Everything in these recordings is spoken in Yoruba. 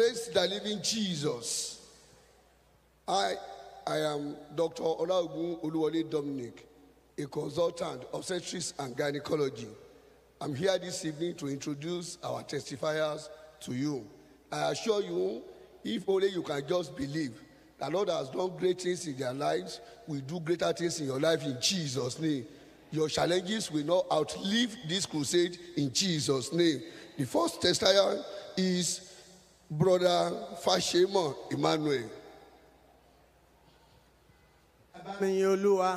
Praise the living Jesus. I, I am Dr. Olaogun Uluwole Dominic, a consultant of obstetrics and gynecology. I'm here this evening to introduce our testifiers to you. I assure you, if only you can just believe that Lord has done great things in their lives, will do greater things in your life in Jesus' name. Your challenges will not outlive this crusade in Jesus' name. The first testifier is Brother, Fáṣemọ̀ Emmanuel. bàbá mi yin olúwa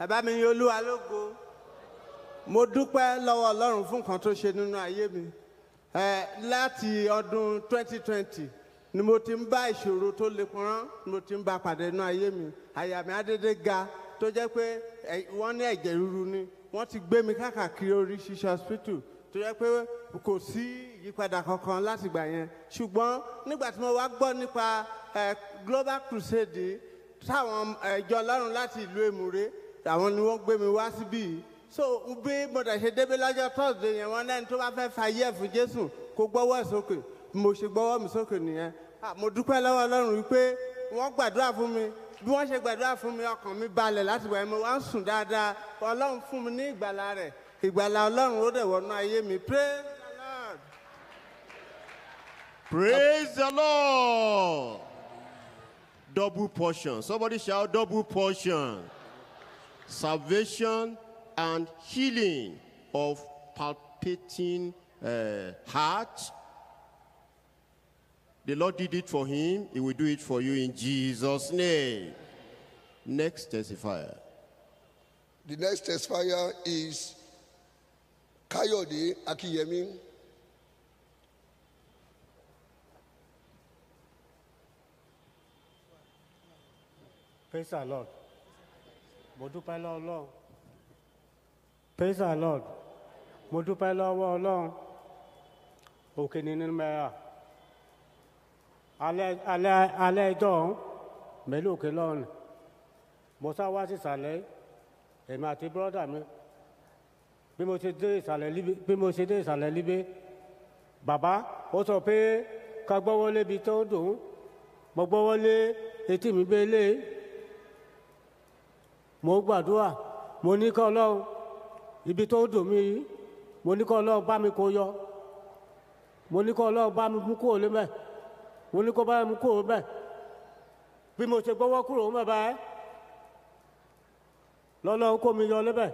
bàbá mi yin olúwa lógo mo dúpẹ́ lọ́wọ́ ọlọ́run fún nǹkan tó ṣe nínú ayé mi láti ọdún 2020 ni mo ti ń bá ìṣòro tó le pọ́nrán ni mo ti ń bá pàdé nínú ayé mi àyà mi ga tó jẹ́ pé wọ́n ní ẹ̀jẹ̀ ríru ni wọ́n ti gbé mi káàkiri oríṣiríṣi hospital tó yẹ pé kò sí ìyípadà kankan láti gbà yẹn ṣùgbọ́n nígbà tí mo wá gbọ́ nípa global crusade táwọn ẹjọ́ ọlọ́run láti ìlú èmùrè àwọn ni wọ́n gbé mi wá síbí yìí so bí mo dẹ̀ ṣe débí lọ́jọ́ thursday yẹn wọ́n lẹ́ni tó bá fẹ́ fa yẹ́ fún jésù kó gbọ́wọ́ sókè mo ṣe gbọ́wọ́ mi sókè nìyẹn mo dúpẹ́ lọ́wọ́ ọlọ́run wípé wọ́n gbàdúrà fún mi wọ́n ṣe gbàdúrà fún mi ọkàn mi balẹ̀ láti wà sùn dáadáa ọlọ́run fún mi ní ìgbàlà rẹ̀ ìgbàlà ọlọ́run ó dẹ̀ wọnú ayé mi praise the Lord. praise the Lord. double portion somebody shout double portion salvation and healing of palpating uh, eh, heart The Lord did it for him. He will do it for you in Jesus' name. Next testifier. The next testifier is Kayode Akiyemi. Praise our Lord. Mo dúpẹ́ lọ́wọ́ Praise our Lord. Mo dúpẹ́ lọ́wọ́ Ọlọ́run. Òkè ni nínú mẹ́ra alẹ́ alẹ́ alẹ́ ẹjọ́ ọ̀hún mẹ́lẹ́ òkè mo sá wá sí ìsàlẹ̀ èmi àti bọ́dà mi bí mo ṣe dé ìsàlẹ̀ líbé bí mo ṣe dé ìsàlẹ̀ líbé bàbá ó sọ pé ká gbọ́wọ́ lébi tó ń dùn mo gbọ́wọ́ lé etí mi gbé lé mo gbàdúrà mo ní kọ́ ọlọ́run ibi tó dùn mí mo ní kọ́ ọlọ́run bá mi kó yọ mo ní kọ́ ọlọ́run bá mi mú kúrò lé mẹ́ẹ̀ mo ní kó bá mu kúrò bẹ́ẹ̀ bí mo ṣe gbọ́wọ́ kúrò ń bàbá ẹ lọ́lọ́run kó mi yọ níbẹ̀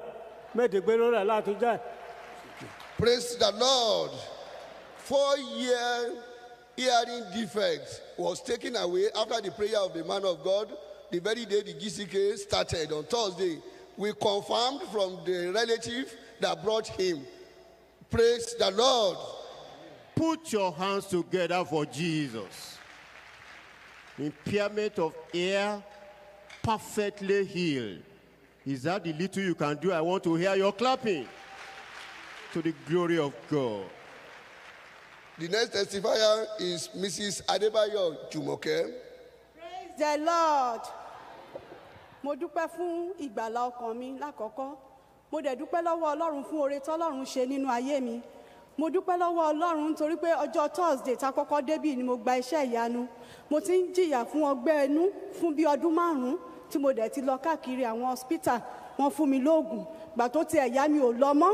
mẹ́ẹ̀ẹ́dẹ́gbẹ́rún rẹ̀ láti jẹ́. Praise the Lord. Four year hearing defect was taken away after the prayer of the man of God the very day the GCK started on Thursday. We confirmed from the relative that brought him. Praise the Lord. Put your hands together for Jesus. Impairment of air, perfectly healed. Is that the little you can do? I want to hear your clapping to the glory of God. The next testifier is Mrs. Adebayo Jumoke. Praise the Lord. Mo dúpẹ́ fún ìgbàlá ọkàn mi lákọ̀ọ́kọ́. Mo dẹ̀ dúpẹ́ lọ́wọ́ Ọlọ́run fún oore tọ́lọ́run ṣe nínú ayé mi. mo dúpẹ́ lọ́wọ́ ọlọ́run nítorí pé ọjọ́ thursday ta kọ́kọ́ débì ni mo gba iṣẹ́ ìyanu mo ti ń jìyà fún ọgbẹ́ ẹnu fún bíi ọdún márùn-ún tí mo dẹ̀ ti lọ káàkiri àwọn hospital wọ́n fún mi lóògùn gbà tó ti ẹ̀yá mi ò lọ mọ́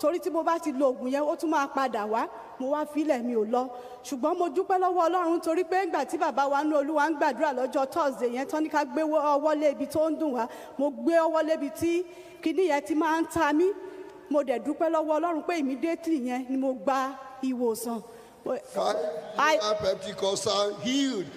torí tí mo bá ti lo oògùn yẹn ó tún máa padà wá mo wá filẹ̀ mi ò lọ ṣùgbọ́n mo dúpẹ́ lọ́wọ́ ọlọ́run torí pé ńgbà tí bàbá wa ní olúwa ń gbàdúrà lọ́jọ́ thursday yẹn tán ní ká gbé ọwọ́ lé ibi tó ń dùn wá mo gbé ọwọ́ lé ibi tí kinní yẹn ti máa ń ta mí mo dẹ̀ dúpẹ́ lọ́wọ́ ọlọ́run pé immediately yẹn ni mo gba ìwòsàn. Five I,